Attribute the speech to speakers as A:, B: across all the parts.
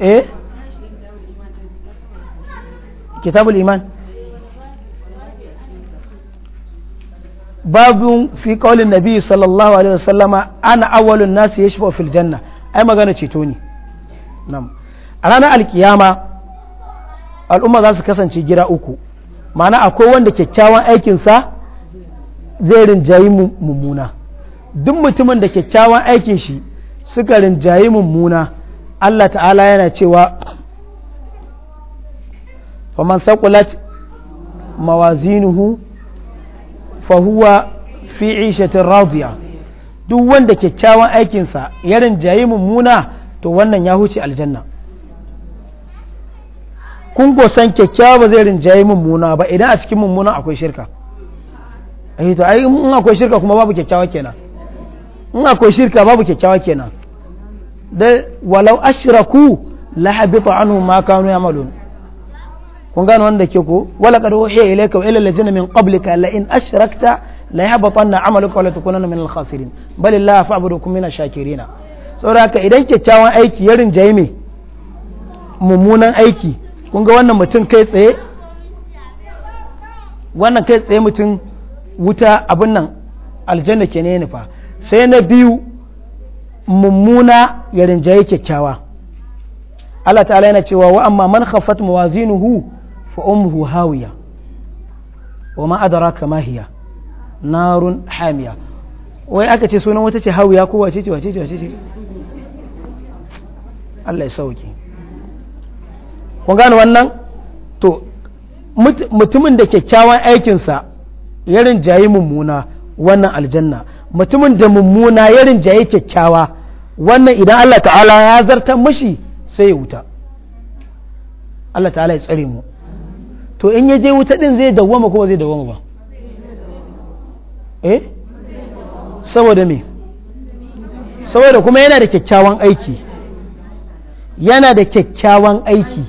A: eh kitabul iman babu fi kaulin nabi sallallahu alaihi wasallama ana awalun nasu ya shafa fil janna ai magana ceto ne a ranar alkiyama al'umma za su kasance gida uku ma'ana akwai wanda kyakkyawan aikinsa zai rinjayi mummuna duk mutumin da kyakkyawan aikin shi suka rinjayi mummuna Allah ta'ala yana cewa faman saqulat mawazinuhu fahuwa fi ishatin radiya duk wanda kyakkyawan aikinsa ya rinjayi mummuna to wannan ya huce aljanna kun san kyakkyawa ba zai jayi mummuna ba idan a cikin mummuna akwai shirka ai eh to ai in akwai shirka kuma babu kyakkyawa kenan in akwai shirka babu kyakkyawa kenan da walau ashiraku la habita anhu ma kanu ya'malun kun gano wanda ke ko wala qad uhiya ilayka wa ila alladhina min qablika la in ashrakta la yahbatanna 'amaluka wa la takunanna min al-khasirin bal illa fa'budu kum min ash-shakirin saboda idan kyakkyawan aiki ya rinjaye me mummunan aiki kun ga wannan mutum kai tsaye wannan kai tsaye mutum wuta abin nan aljanna ke ne nufa sai na biyu mummuna ya rinjaye kyakkyawa Allah ta'ala yana cewa wa amma man khaffat mawazinuhu fa ummuhu hawiya wa ma adraka ma hiya narun hamiya wai aka ce sunan wata ce hawiya ko wace ce wace ce wace ce Allah ya sauke kun gane wannan to mutumin da kyakkyawan aikinsa ya rinjaye mummuna wannan aljanna mutumin da mummuna ya rinjaye kyakkyawa wannan idan Allah ta'ala ya zartar mashi sai ya wuta Allah ta'ala ya tsare mu to in ya je wuta din zai dawwama kuma zai dawwama ba eh saboda me saboda kuma yana da kyakkyawan aiki yana da kyakkyawan aiki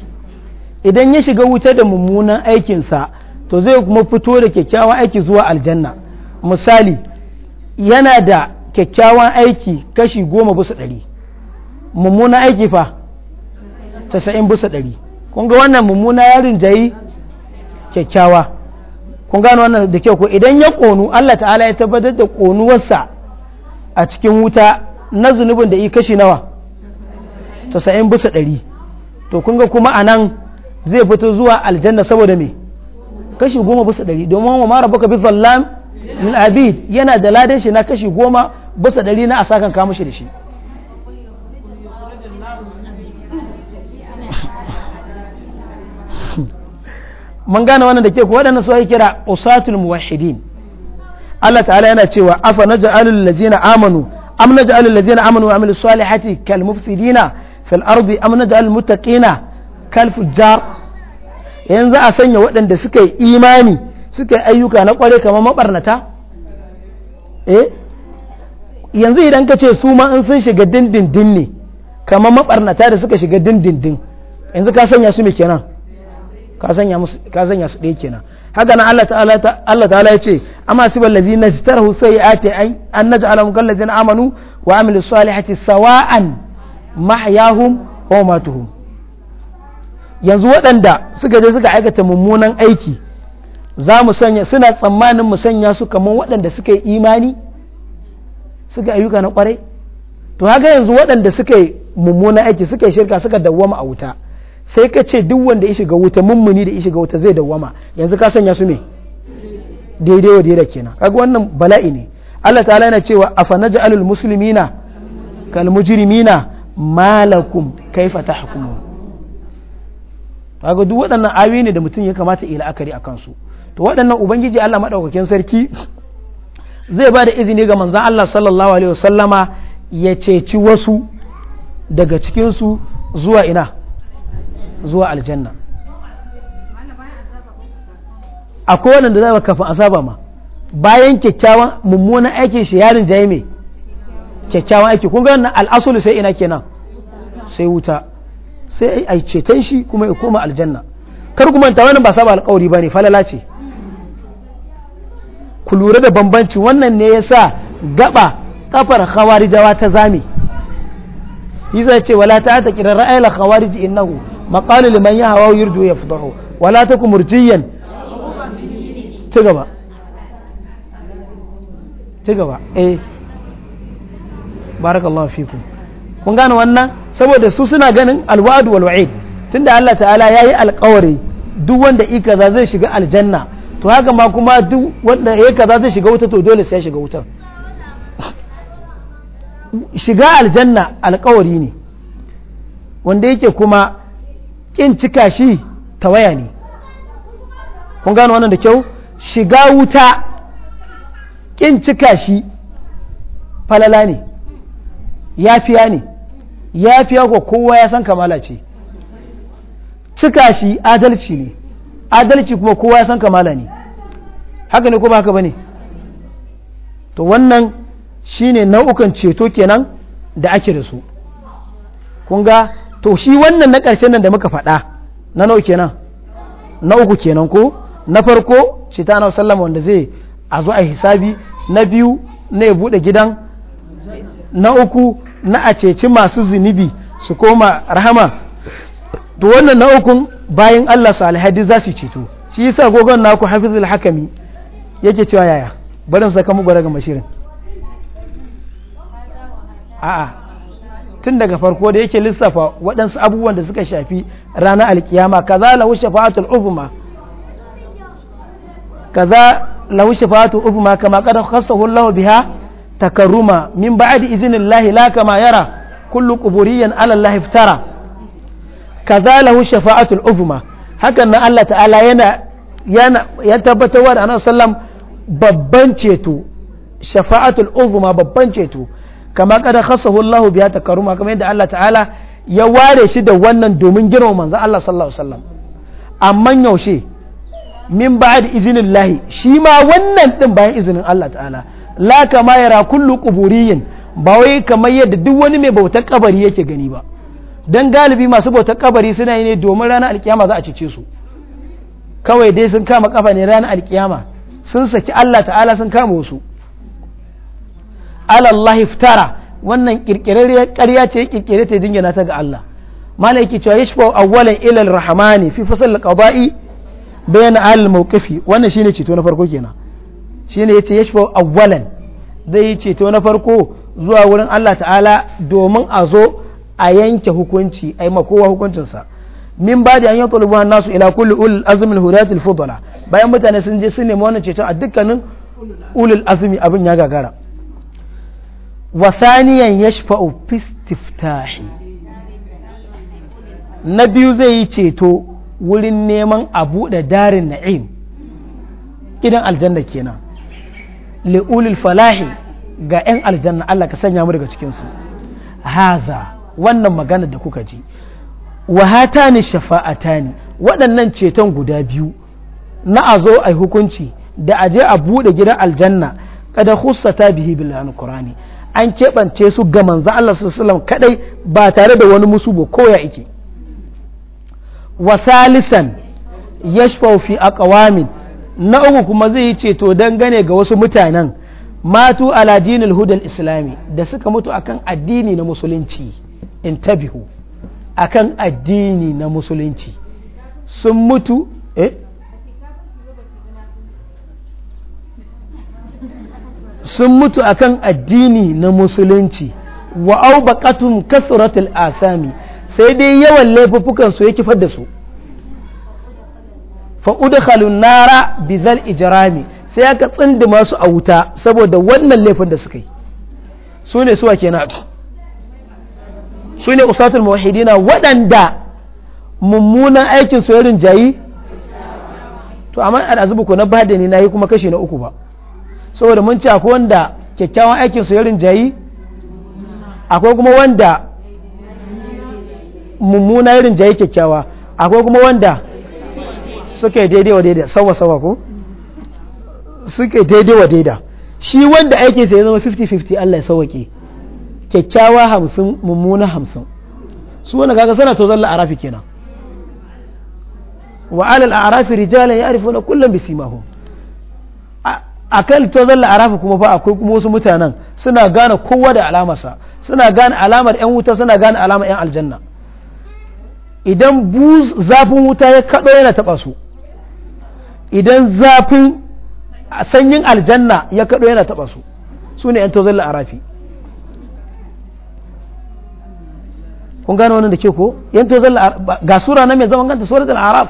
A: idan ya shiga wuta da mummunan aikinsa to zai kuma fito da kyakkyawan aiki zuwa aljanna misali yana da kyakkyawan aiki kashi goma bisa ɗari mummuna aiki fa tasa'in bisa ɗari kun ga wannan mummuna ya rinjayi kyakkyawa kun wannan da kyau ko idan ya ƙonu Allah ta'ala ya tabbatar da ƙonuwarsa a cikin wuta na zunubin da yi kashi nawa tasa'in bisa ɗari to kun ga kuma a nan zai fito zuwa aljanna saboda me kashi goma bisa ɗari domin wa mara baka bi zallam abid yana da ladan shi na kashi goma basa ɗari na sakan kamun shi da shi mun gane wannan da ke kuwa waɗannan su ake kira usatul muwahidin Allah ta'ala yana cewa afa naj'alul ladzina amanu am naj'alul ladzina amanu wa salihati kal mufsidina fil ardi am naj'alul muttaqina kal fujjar yanzu a sanya waɗanda suka yi imani suka yi ayyuka na kware kamar mabarnata eh yanzu idan ka ce su ma in sun shiga dindindin ne kamar mabarnata da suka shiga dindindin yanzu ka sanya su me kenan ka sanya musu ka sanya su ɗaya kenan haka nan Allah ta'ala Allah ta'ala ya ce amma sibal ladina jtarahu ay an naj'alahum kal ladina amanu wa amilu salihati sawa'an mahyahum wa matuhum yanzu waɗanda suka je suka aikata mummunan aiki za mu sanya suna tsammanin mu sanya su kamar waɗanda suka yi imani suka ayyuka na kwarai to haka yanzu waɗanda suka yi mummuna aiki suka yi shirka suka dawwama a wuta sai ka ce duk wanda ya shiga wuta mummuni da ya shiga wuta zai dawwama yanzu ka sanya su me daidai wa daidai kenan kaga wannan bala'i ne Allah ta yana cewa afanaj'alul muslimina kal mujrimina malakum kaifa tahkumun kaga duk waɗannan ayoyi ne da mutum ya kamata ya la'akari a kansu to waɗannan ubangiji Allah maɗaukakin sarki zai ba da izini ga manzan Allah sallallahu alaihi wasallama ya ceci wasu daga cikinsu zuwa ina zuwa aljanna akwai waɗanda za kafin asaba ma bayan kyakkyawan mummunan aikin shi yarin jaye mai kyakkyawan aiki kun ganin al'asulu sai ina kenan sai wuta sai ai ceton shi kuma ya koma aljanna kar kuma ta wani ba saba alƙawari bane falala ce ku lura da bambanci wannan ne ya sa gaba kafar khawarijawa ta zame yasa ce wala ta ta kira ra'ayil khawarij innahu maqalu liman hawa yurdu ya yafdahu wala takum murjiyan ci gaba ci gaba eh barakallahu fikum kun gane wannan saboda su suna ganin alwa'd wal wa'id tunda Allah ta'ala yayi alƙawari duk wanda ikaza zai shiga aljanna to haka ma kuma duk wanda ya kaza zai shiga wuta to dole sai ya shiga wutar shiga aljanna alkawari ne wanda yake kuma kin cika shi tawaya ne kun gano wannan da kyau shiga wuta kin cika shi falala ne yafiya ne yafiya ko kowa ya san kamala ce cika shi adalci ne adalci kuma kowa ya san kamala ne haka ne ko ba haka bane to wannan shine nau'ukan ceto kenan da ake da su kun ga to shi wannan na ƙarshen nan da muka faɗa na nau'u kenan na uku kenan ko na farko ce na sallama wanda zai a zo a hisabi na biyu na ya buɗe gidan na uku na a ceci masu zunubi su koma rahama to wannan na ukun bayan Allah salihadi za su ceto shi yasa gogon naku hafizul hakami yake cewa yaya barin saka mu ga mashirin a'a tun daga farko da yake lissafa waɗansu abubuwan da suka shafi ranar alkiyama kaza lahu shafa'atul uzma kaza lahu shafa'atul uzma kama qad khassahu biha takarruma min ba'di idhnillahi la kama yara kullu quburiyyan ala Allah iftara kaza lahu shafa'atul uzma hakan na Allah ta'ala yana ya tabbatar da annabi babban ceto shafa'atul uzma babban ceto kama kada khasahu Allahu biya takaruma kamar yadda Allah ta'ala ya ware shi da wannan domin girma manzo Allah sallallahu alaihi wasallam amma yaushe min ba'd izinin lahi shi ma wannan din bayan izinin Allah ta'ala la kama yara kullu quburiyin ba wai kamar yadda duk wani mai bautar kabari yake gani ba dan galibi masu bautar kabari suna yi ne domin ranar alkiyama za a cice su kawai dai sun kama kafa ne ranar alkiyama sun saki Allah ta'ala sun kama wasu alallahi iftara wannan kirkirarriyar ƙarya ce ya kirkire ta jingina ta ga Allah malaki cewa yashfa awwalan ila arrahmani fi fasal qada'i bayan al mawqifi wannan shine ceto na farko kenan shine yace yashfa awwalan zai ceto na farko zuwa wurin Allah ta'ala domin a zo a yanke hukunci ai makowa hukuncinsa min ba da yanyan yi nasu ila kulli ulul azmi hudatul fudala bayan mutane sun je sun nemi wannan ceto a dukkanin ulul azumi abin ya gagara wa saniyan yashfa'u fi istiftahi na biyu zai yi ceto wurin neman a buɗe darin na'im idan aljanna kenan li ulul falahi ga 'yan aljanna Allah ka sanya mu daga cikinsu haza wannan magana da kuka ji wahatani shafa'ata shafa'atani waɗannan ceton guda biyu na a zo a hukunci da a je a buɗe gidan aljanna kada ta bihi bil qur'ani an keɓance su ga manzo Allah sallallahu kadai ba tare da wani musu ba ko ya ike wa salisan yashfau fi aqwamin na uku kuma zai yi ceto dangane ga wasu mutanen matu ala dinil hudal islami da suka mutu akan addini na musulunci in intabihu akan addini na musulunci sun mutu eh sun mutu akan addini na musulunci wa baqatum kasratul asami sai dai yawan laifuffukan su yake kifar su fa udkhalun nara bizal ijrami sai aka tsinda masu a wuta saboda wannan laifin da suka yi su ne suwa kenan su ne usatul mawahidina waɗanda mummunan aikin su yarin jayi to amma al'azubu ko na bada ni nayi kuma kashi na uku ba saboda mun ci akwai wanda kyakkyawan aikin su yarin jayi akwai kuma wanda mummuna irin jayi kyakkyawa akwai kuma wanda suke daidai wa daida sawa sawa ko suke daidai wa daida shi wanda aikin sa ya zama 50-50 Allah ya sauwake kyakkyawa hamsin mummuna hamsin su wani kaga sana to zalla arafi kenan wa alal arafi rijalan ya'rifuna kullum bisimahum a kan to zalla arafi kuma fa akwai kuma wasu mutanen suna gane kowa da alamarsa suna gane alamar yan wuta suna gane alamar yan aljanna idan buz zafin wuta ya kado yana taɓa su idan zafin sanyin aljanna ya kado yana taɓa su su ne yan to zalla arafi kun gane wannan da ke ko yan to zalla ga sura na mai zaman ganta suratul araf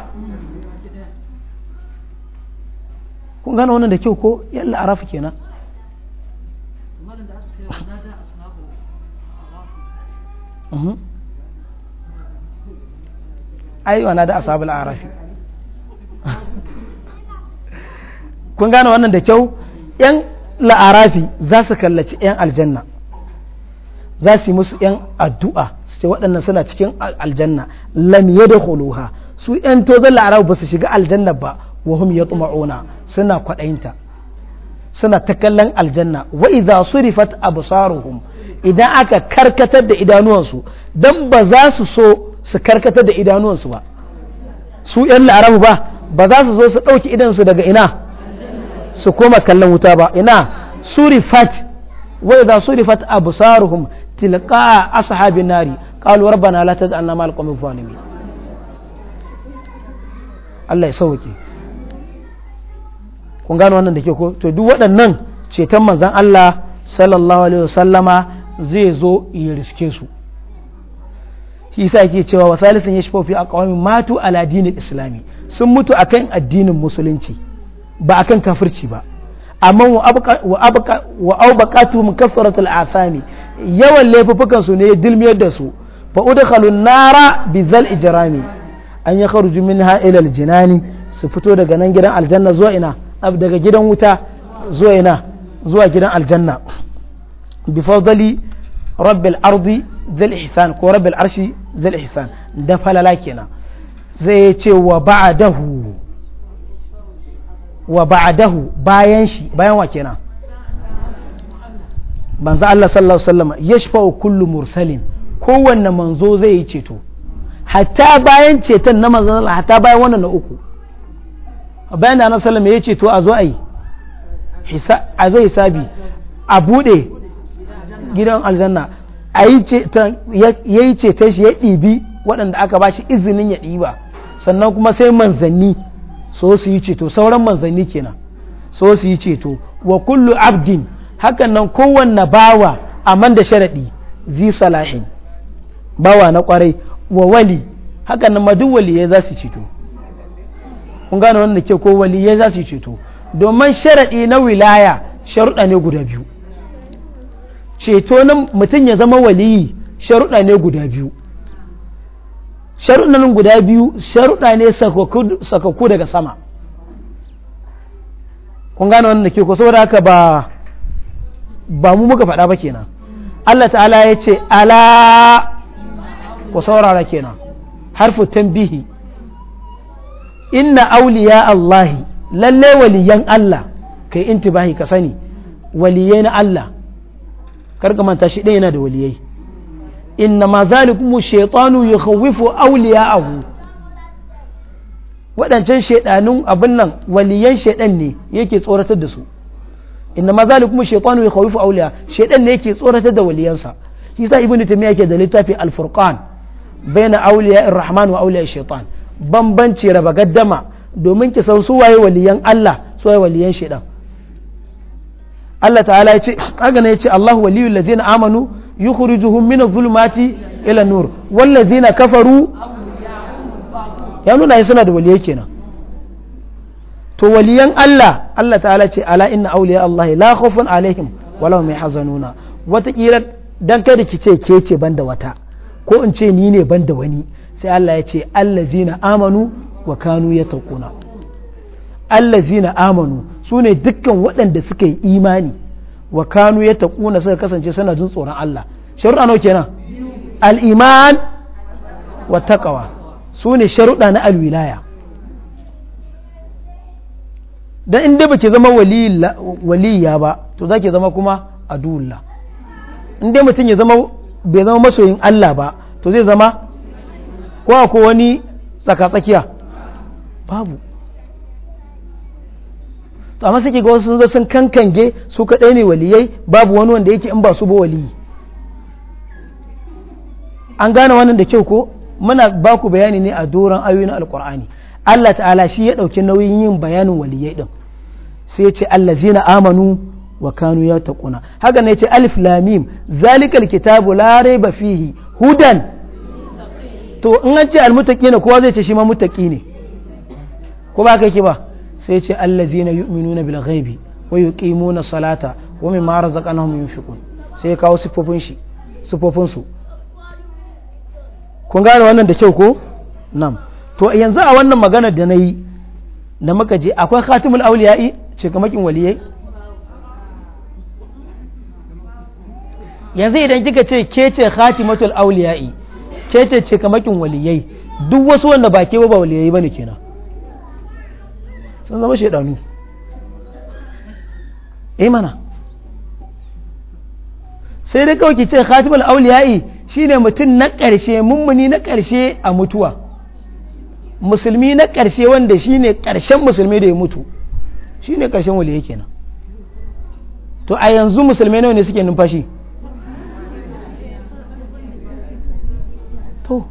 A: kun gane wannan da ke ko yan araf kenan mhm. aiwa na da asabul arafi kun gane wannan da kyau yan la'arafi za su kallaci yan aljanna za su yi musu yan addu'a su ce waɗannan suna cikin aljanna lam yadkhuluha su yan tozon la'arab ba su shiga aljanna ba wa hum yatma'una suna kwaɗayinta suna ta kallon aljanna wa idza surifat absaruhum idan aka karkatar da idanuwansu dan ba za su so su karkatar da idanuwansu ba su yan la'arab ba ba za su zo su ɗauki idansu daga ina su koma kallon wuta ba ina surifat wa idza surifat absaruhum tilqa ashabin nari qalu rabbana la taj'alna ma'al qawmi zalimin Allah ya sauke kun gano wannan da ke ko to duk waɗannan ceton manzon Allah sallallahu alaihi wasallama zai zo ya riske su shi yasa yake cewa wa salisin yashfa a aqwami matu ala dinil islami sun mutu akan addinin musulunci ba akan kafirci ba amma wa abu wa abqa wa awbaqatu min kasratil asami yawan laifukan su ne dilmiyar da su fa udkhalu nara bi zal ijrami an ya kharuju minha ila al jinani su fito daga nan gidan aljanna zuwa ina daga gidan wuta zuwa ina zuwa gidan aljanna bi fadli rabbil ardi zal ihsan ko rabbil arshi zal ihsan da falala kenan zai ce wa ba'dahu wa ba'dahu bayan shi bayan wa kenan Banza Allah sallallahu alaihi wasallam yashfa'u kullu mursalin kowanne manzo zai yi ceto hatta bayan ceton na manzo Allah hatta bayan wannan na uku bayan da annabi sallallahu alaihi wasallam ya ceto a zo ai a zo hisabi a bude gidan aljanna ayi ceton yayi ceton shi ya ɗibi waɗanda aka ba shi izinin ya ɗiba sannan kuma sai manzanni so su yi ceto sauran manzanni kenan so su yi ceto wa kullu abdin hakan nan kowanne bawa a man da sharaɗi zi salahin bawa na kwarai wa wali hakan nan madu wali ya za su ceto kun gane wannan ke ko wali ya za su ceto domin sharaɗi na wilaya sharuɗa ne guda biyu ceto nan mutum ya zama wali sharuɗa ne guda biyu nan guda biyu sharuɗa ne sakakku daga sama kun gane wannan ke ko saboda haka ba ba mu muka faɗa ba kenan Allah ta'ala ya ce ala ku saurara kenan harfu tambihi inna auliya Allahi lalle waliyan Allah kai intibahi ka sani waliyai na Allah karka manta shi ɗaya yana da waliyai inna ma zalikum shaytanu yukhawwifu awliya'ahu waɗancan shaidanun abin nan waliyan shaiɗan ne yake tsoratar da su inna ma zalikum shaytanu yakhawifu awliya shaytan ne yake tsoratar da waliyansa yasa ibnu taymiya yake da littafi al-furqan baina awliya ar-rahman wa awliya shaytan bambanci raba gaddama domin ki san su waye waliyan Allah su waye waliyan shaytan Allah ta'ala ya ce haka ne ya ce allahu waliyul ladina amanu yukhrijuhum min adh-dhulumati ila nur wal ladina kafaru ya nuna suna da waliyai kenan to waliyan Allah Allah ta'ala ce ala inna awliya Allah la khawfun alaihim wa lahum yahzanuna wata kila dan kada ki ce ke ce banda wata ko in ce ni ne banda wani sai Allah ya ce allazina amanu wa kanu yattaquna allazina amanu sune dukkan waɗanda suka yi imani wa kanu yattaquna suka kasance suna jin tsoron Allah sharuɗa nawa kenan al-iman wa taqwa sune sharuɗa na alwilaya dan in dai baki zama waliya ba to zaki zama kuma aduwullah in dai mutum ya zama bai zama masoyin Allah ba to zai zama ko ko wani tsaka-tsakiya babu to amma suke ga wasu sun zo sun kankange su kaɗai ne waliyai babu wani wanda yake in ba su ba waliyi an gane wannan da kyau ko muna baku bayani ne a doron ayoyin alkur'ani Allah ta'ala shi ya ɗauki nauyin yin bayanin waliyai ɗin sai ya ce allazina amanu wa kanu ya taquna haka ne ce alif lamim zalikal kitabu la raiba fihi hudan to in an ce ne kowa zai ce shi ma muttaqi ne ko ba kai ki ba sai ce allazina yu'minuna bil ghaibi wa yuqimuna salata wa mimma razaqnahum yunfiqun sai ya kawo sifofin shi sifofin su kun gane wannan da kyau ko na'am to yanzu a wannan magana da na yi da muka je akwai khatimul auliya'i ce kamakin waliyai yanzu idan kika ce ke ce khatimatul auliya'i ke ce ce kamakin waliyai duk wasu wanda ba ke ba waliyai bane kenan sun zama shedanu eh mana sai dai kawai ki ce khatimul auliya'i shine mutum na ƙarshe mummuni na ƙarshe a mutuwa musulmi na ƙarshe wanda shi ne ƙarshen musulmi da ya mutu shi ne ƙarshen waliyai kenan to a yanzu Musulmi nawa ne suke numfashi to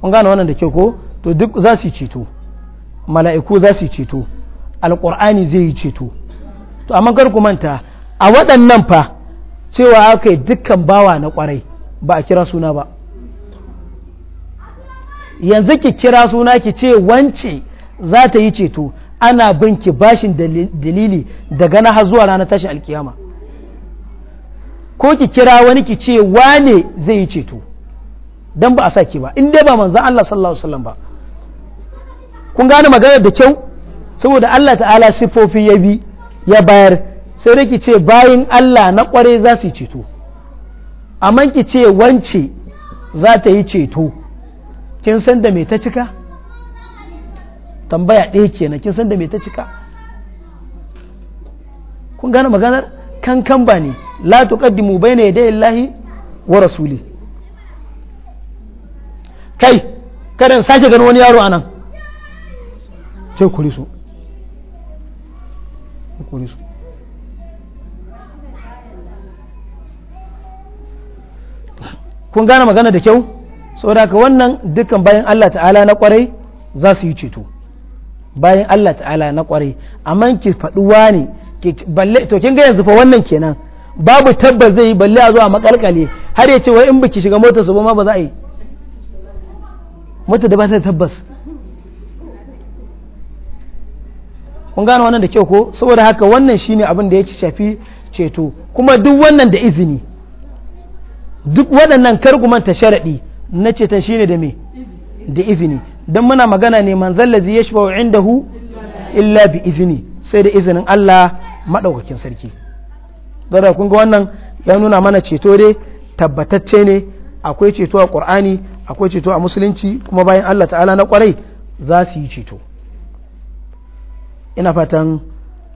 A: kun gane wannan da ke ko to duk za su ceto mala'iku za su ceto alƙur'ani zai yi ceto to amma kar ku manta a waɗannan fa cewa aka yi dukkan bawa na ƙwarai ba a kira suna ba yanzu ki kira suna ki ce wance za ta yi ceto ana bin ki bashin dalili daga na zuwa ranar tashin alkiyama ko ki kira wani ki ce wane zai yi ceto don ba a sa ki ba in dai ba manzan Allah sallallahu alaihi ba kun gane maganar da kyau saboda Allah ta'ala sifofi ya bi ya bayar sai da ki ce bayin Allah na kware za su yi ceto amma ki ce wance za ta yi ceto kin san da me ta cika tambaya ɗaya kenan kin san da me ta cika kun gane maganar kan kan ba ne la tuqaddimu bayna yaday illahi wa rasuli kai kada sake ganin wani yaro anan sai kuri su kuri su kun gane magana da kyau saboda ka wannan dukkan bayan Allah ta'ala na kwarai za su yi ceto bayan Allah ta'ala na kwarai amma ki faɗuwa ne balle to kin ga yanzu fa wannan kenan babu tabbas zai yi balle a zuwa makalkale har ya ce wai in biki shiga motar su ba ma ba za a yi mota da ba ta tabbas kun gane wannan da kyau ko saboda haka wannan shine abin da ya shafi ceto kuma duk wannan da izini duk waɗannan karguman ta sharaɗi na shi shine da me da izini don muna magana ne man zallazi ya shafa indahu illa bi izini sai da izinin Allah maɗaukakin sarki zara kun ga wannan ya nuna mana ceto dai tabbatacce ne akwai ceto a ƙur'ani akwai ceto a musulunci kuma bayan Allah ta'ala na kwarai za su yi ceto ina fatan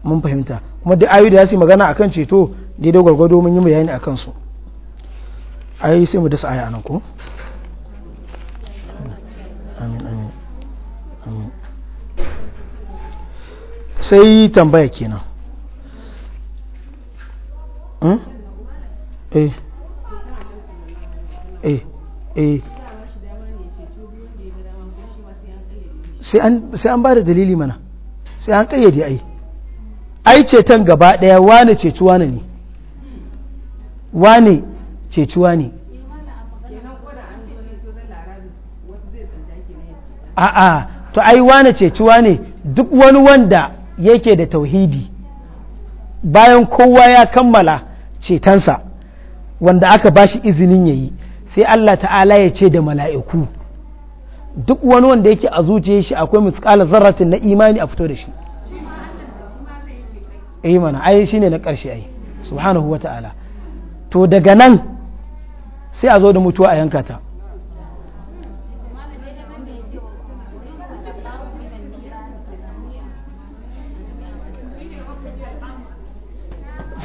A: mun fahimta kuma duk ayoyi da za su magana akan ceto daidai gwargwado mun yi bayani akan su ai sai mu dasa aya nan ko amin amin amin sai tambaya kenan hmm? eh eh eh sai an ba da dalili mana sai an kayyade ai ai ceton gaba daya wane cecuwa ne wane cecuwa ne a'a to ai wane ciwa ne duk wani wanda yake da tauhidi bayan kowa ya kammala cetonsa wanda aka bashi izinin yayi sai Allah ta'ala ya ce da mala'iku duk wani wanda yake a zuciyar shi akwai mutsalar zarratin na imani a fito da shi eh mana ai shine na ƙarshe ai subhanahu wata'ala to daga nan sai a zo da mutuwa a yanka ta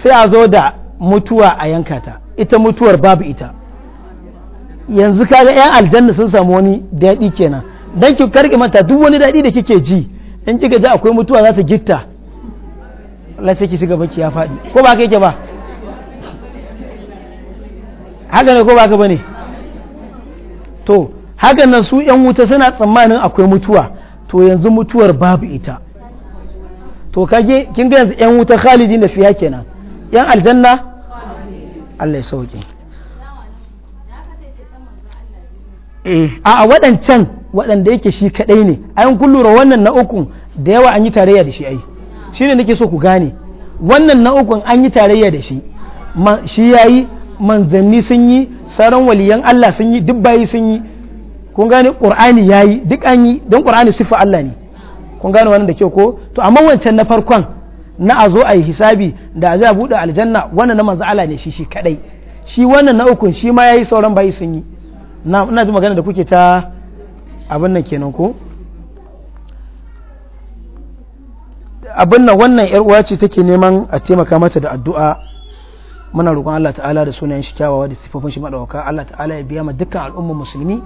A: sai a zo da mutuwa a yanka ta ita mutuwar babu ita yanzu kaga yan aljanna sun samu wani daɗi kenan dan ki karki manta duk wani daɗi da kike ji in kika ji akwai mutuwa za ta gitta Allah sai ki shiga baki ya faɗi ko ba kake ba haka ne ko ba ka bane to haka nan su yan wuta suna tsammanin akwai mutuwa to yanzu mutuwar babu ita to kage kin ga yanzu yan wuta khalidin da fiya kenan yan aljanna Allah ya sauke eh, a waɗancan waɗanda yake shi kaɗai ne a kun wannan na ukun da yawa an yi tarayya da shi ai shi ne nake so ku gane wannan na ukun an yi tarayya da shi shi ya yi manzanni sun yi sauran waliyan Allah sun yi duk bayi sun yi kun gane ƙur'ani ya yi duk an yi don ƙur'ani siffa Allah ne kun gane wannan da kyau ko to amma wancan na farkon na a zo a yi hisabi da za a buɗe aljanna wannan na manzo Allah ne shi shi kadai shi wannan na ukun shi ma yayi sauran bai sun yi na ina ji magana da kuke ta abin nan kenan ko abin nan wannan yar uwa ce take neman a taimaka mata da addu'a muna roƙon Allah ta'ala da sunayen shi kyawawa da sifofin shi madawaka Allah ta'ala ya biya ma dukkan al'ummar musulmi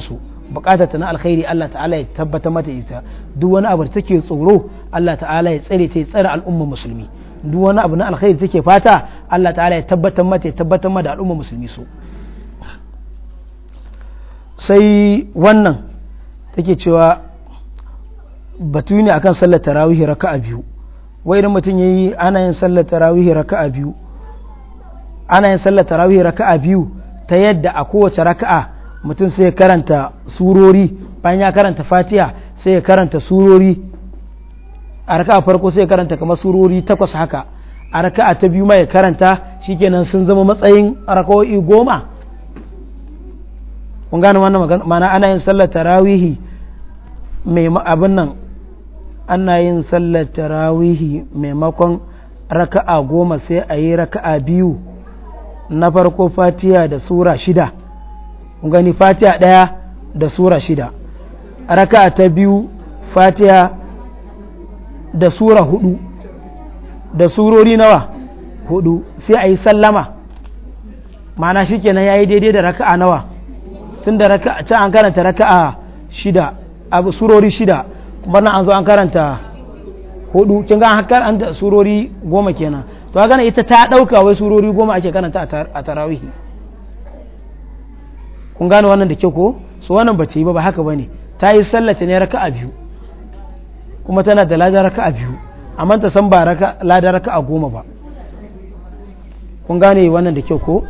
A: su bukatar ta na alkhairi Allah ta'ala ya tabbatar mata ita duk wani abu da take tsoro Allah ta'ala ya tsare ta ya tsare al'umma musulmi duk wani abu na alkhairi take fata Allah ta'ala ya tabbatar mata ya tabbatar mata al'umma musulmi so sai wannan take cewa batu ne akan sallar tarawih raka'a biyu wai idan mutum yayi ana yin sallar tarawih raka'a biyu ana yin sallar tarawih raka'a biyu ta yadda a kowace raka'a mutum sai ya karanta surori bayan ya karanta fatiha sai ya karanta surori a raka a farko sai ya karanta kamar surori takwas haka a raka a ta biyu ma ya karanta shikenan sun zama matsayin rakawai goma kun gane wannan mana ana yin sallar tarawihi mai abin nan ana yin sallar tarawihi maimakon raka'a goma sai a yi raka'a biyu na farko fatiha da sura shida kun gani fatiha ɗaya da sura shida raka'a ta biyu fatiha da sura hudu da surori nawa hudu sai a yi sallama mana shi kenan ya yi daidai da raka'a nawa tun da can an karanta raka'a shida abu surori shida kuma na an zo an karanta hudu kin ga an karanta surori goma kenan to gana ita ta dauka wai surori goma ake karanta a tarawihi kun gane wannan da ke ko su wannan ba ta yi ba ba haka ba ne ta yi sallata ne raka a biyu kuma tana da lada raka a biyu amma ta san ba lada raka a goma ba kun gane wannan da kyau ko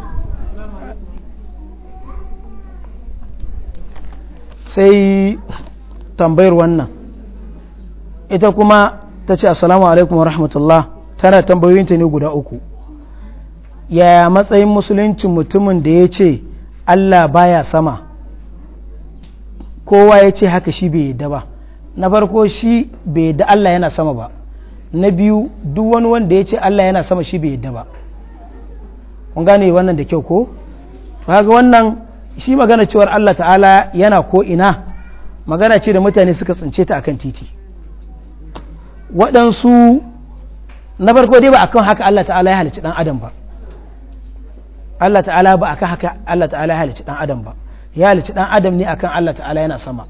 A: sai tambayar wannan ita kuma ta ce assalamu alaikum wa rahmatullah tana tambayoyinta ne guda uku yaya matsayin musulunci mutumin da ya ce Allah baya sama kowa ya ce haka shi bai yadda ba na farko shi bai yadda Allah yana sama ba na biyu duk wani wanda ya ce Allah yana sama shi bai yadda ba kun gane wannan da kyau ko kaga wannan shi magana cewar Allah ta'ala yana ko ina magana ce da mutane suka tsince ta akan titi waɗansu na farko dai ba akan haka Allah ta'ala ya halicci dan adam ba Allah ta'ala ba aka haka Allah ta'ala ya halicci dan adam ba ya halicci dan adam ne akan Allah ta'ala yana sama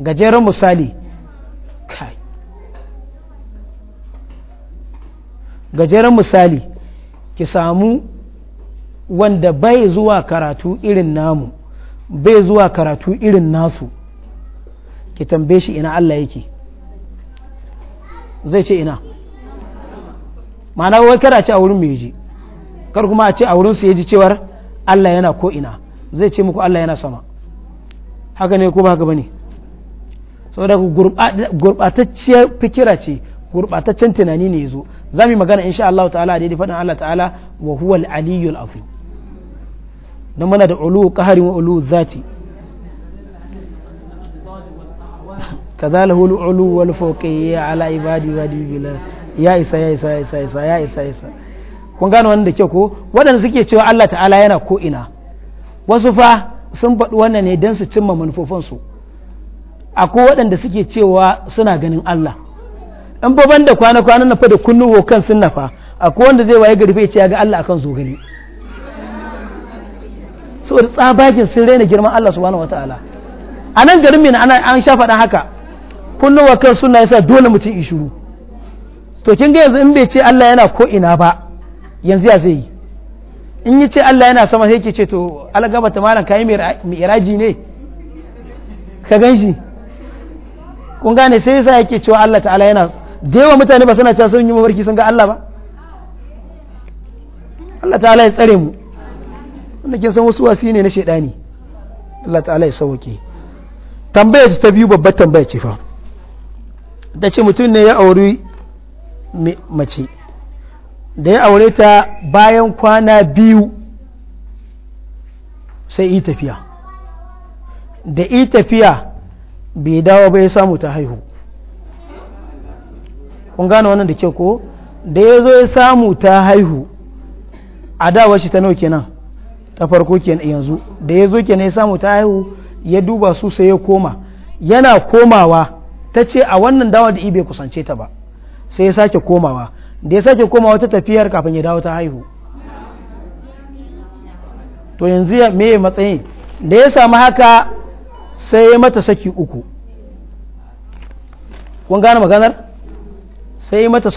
A: gajeren misali kai gajeren misali ki samu wanda bai zuwa karatu irin namu bai zuwa karatu irin nasu ki tambaye shi ina Allah yake zai ce ina ma'ana wai kada ce a wurin mai je. kar kuma a ce a wurin su yaji cewar Allah yana ko ina zai ce muku Allah yana sama haka ne ko ba haka bane saboda gurbatacciyar fikira ce gurbataccen tunani ne yazo za mu magana insha Allah ta'ala da faɗin Allah ta'ala wa huwal aliyyul afi don muna da ulu qahari wa ulu zati كذلك العلو والفوقية على عبادي وعدي بلا يا إسا ya isa ya isa ya isa ya isa ya isa. kun gane wannan da ke ko waɗanda suke cewa Allah ta'ala yana ko ina wasu fa sun faɗi wannan ne don su cimma manufofinsu akwai waɗanda suke cewa suna ganin Allah in ban da kwana-kwana na fa da kunnuwo kan sun nafa akwai wanda zai waye gari ya ce ya ga Allah akan zo gani saboda tsabakin sun raina girman Allah subhanahu wataala a nan garin mai ana an sha faɗa haka kunnuwa kan suna yasa dole mutum ishuru to kin ga yanzu in bai ce Allah yana ko ina ba yanzu ya zai yi in yi ce Allah yana sama sai ke ce to algaba ta malam kayi mai iraji ne ka gan shi kun gane sai yasa yake cewa Allah ta'ala yana da yawa mutane ba suna can sun yi mafarki sun ga Allah ba Allah ta'ala ya tsare mu wanda ke san wasu wasi ne na shaidani Allah ta'ala ya sauke tambaya ta biyu babbar tambaya ce fa ta ce mutum ne ya auri mace da ya aure ta bayan kwana biyu sai yi tafiya da yi tafiya bai dawo bai samu ta haihu kun gane wannan da ke ko da ya zo ya samu ta haihu a dawa shi ta nauke nan ta farko kenan yanzu da ya zo kenan ya samu ta haihu ya duba su sai ya koma yana komawa ta ce a wannan dawa da ibe kusance ta ba sai ya sake komawa da ya sake koma wata tafiyar kafin ya dawo ta haihu to yanzu ya me matsayi da ya samu haka sai ya mata saki uku kun gane maganar sai ya mata saki